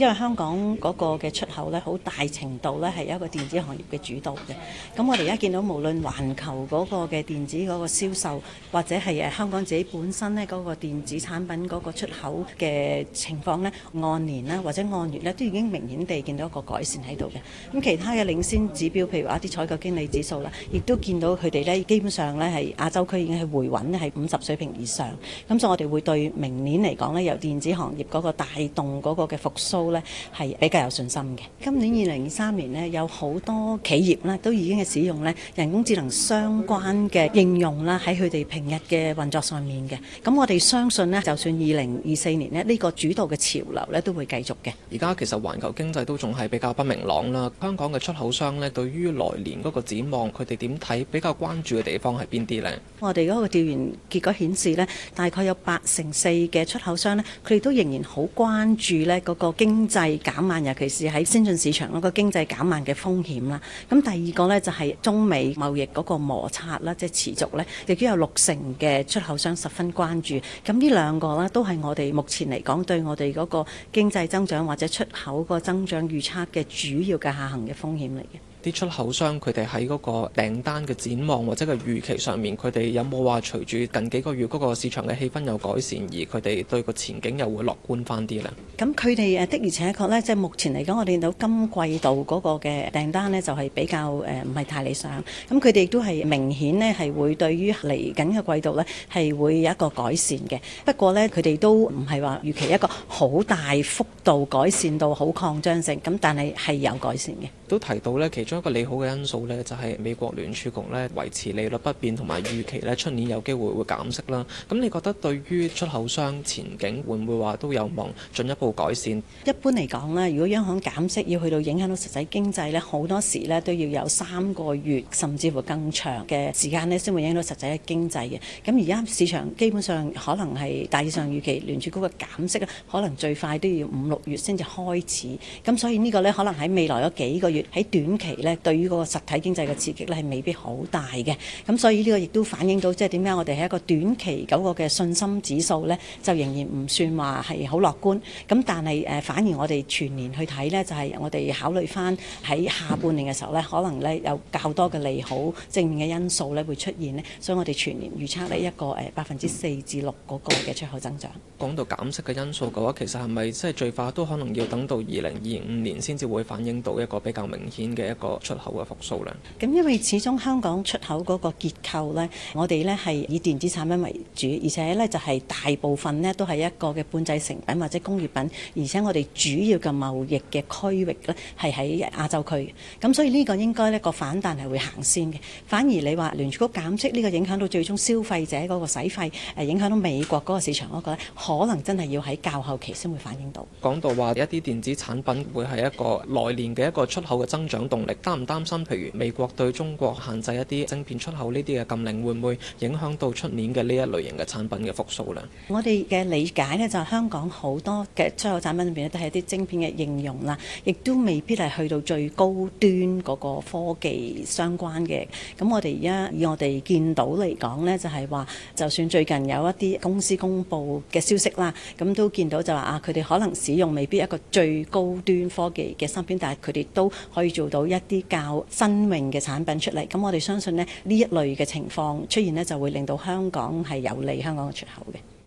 因為香港嗰個嘅出口咧，好大程度咧係一個電子行業嘅主導嘅。咁我哋而家見到無論環球嗰個嘅電子嗰個銷售，或者係誒香港自己本身咧嗰個電子產品嗰個出口嘅情況咧，按年啦或者按月咧，都已經明顯地見到一個改善喺度嘅。咁其他嘅領先指標，譬如話一啲採購經理指數啦，亦都見到佢哋咧，基本上咧係亞洲區已經係回穩喺五十水平以上。咁所以我哋會對明年嚟講咧，由電子行業嗰個帶動嗰個嘅復甦咧係比較有信心嘅。今年二零二三年呢，有好多企業呢都已經係使用呢人工智能相關嘅應用啦，喺佢哋平日嘅運作上面嘅。咁我哋相信呢，就算二零二四年呢，呢、呢個主導嘅潮流呢都會繼續嘅。而家其實環球經濟都仲係比較不明朗啦。香港嘅出口商呢，對於來年嗰個展望，佢哋點睇？比較關注嘅地方係邊啲呢？我哋嗰個調研結果顯示呢，大概有八成四嘅出口商呢，佢哋都仍然好關注呢嗰、嗰個經。經濟減慢，尤其是喺先進市場嗰個經濟減慢嘅風險啦。咁第二個呢，就係中美貿易嗰個摩擦啦，即係持續呢，亦都有六成嘅出口商十分關注。咁呢兩個呢，都係我哋目前嚟講對我哋嗰個經濟增長或者出口個增長預測嘅主要嘅下行嘅風險嚟嘅。啲出口商佢哋喺嗰個訂單嘅展望或者個預期上面，佢哋有冇話隨住近幾個月嗰個市場嘅氣氛有改善，而佢哋對個前景又會樂觀翻啲咧？咁佢哋誒的而且確咧，即係目前嚟講，我哋見到今季度嗰個嘅訂單咧就係比較誒唔係太理想。咁佢哋亦都係明顯咧係會對於嚟緊嘅季度咧係會有一個改善嘅。不過咧，佢哋都唔係話預期一個好大幅度改善到好擴張性，咁但係係有改善嘅。都提到咧，其中。仲一個利好嘅因素咧，就係、是、美國聯儲局咧維持利率不變同埋預期咧出年有機會會減息啦。咁你覺得對於出口商前景會唔會話都有望進一步改善？一般嚟講咧，如果央行減息要去到影響到實體經濟咧，好多時咧都要有三個月甚至乎更長嘅時間咧先會影響到實體嘅經濟嘅。咁而家市場基本上可能係大致上預期聯儲局嘅減息啊，可能最快都要五六月先至開始。咁所以這個呢個咧可能喺未來嗰幾個月喺短期。咧對於嗰個實體經濟嘅刺激咧係未必好大嘅，咁所以呢個亦都反映到即係點解我哋喺一個短期嗰個嘅信心指數咧，就仍然唔算話係好樂觀。咁但係誒、呃、反而我哋全年去睇呢就係、是、我哋考慮翻喺下半年嘅時候咧，可能咧有較多嘅利好正面嘅因素咧會出現呢，所以我哋全年預測呢一個誒百分之四至六嗰個嘅出口增長。講到減息嘅因素嘅話，其實係咪即係最快都可能要等到二零二五年先至會反映到一個比較明顯嘅一個？出口嘅復蘇咧，咁因為始終香港出口嗰個結構咧，我哋咧係以電子產品為主，而且咧就係大部分咧都係一個嘅半製成品或者工業品，而且我哋主要嘅貿易嘅區域咧係喺亞洲區，咁所以呢個應該咧個反彈係會行先嘅。反而你話聯儲局減息呢個影響到最終消費者嗰個洗費，誒影響到美國嗰個市場嗰個咧，可能真係要喺較後期先會反映到。講到話一啲電子產品會係一個來年嘅一個出口嘅增長動力。擔唔擔心？譬如美國對中國限制一啲芯片出口呢啲嘅禁令，會唔會影響到出年嘅呢一類型嘅產品嘅復蘇咧？我哋嘅理解咧，就係香港好多嘅出口產品裏邊咧，都係一啲芯片嘅應用啦，亦都未必係去到最高端嗰個科技相關嘅。咁我哋而家以我哋見到嚟講咧，就係話就算最近有一啲公司公布嘅消息啦，咁都見到就話啊，佢哋可能使用未必一個最高端科技嘅芯片，但係佢哋都可以做到一些啲較新穎嘅產品出嚟，咁我哋相信咧，呢這一類嘅情況出現咧，就會令到香港係有利香港嘅出口嘅。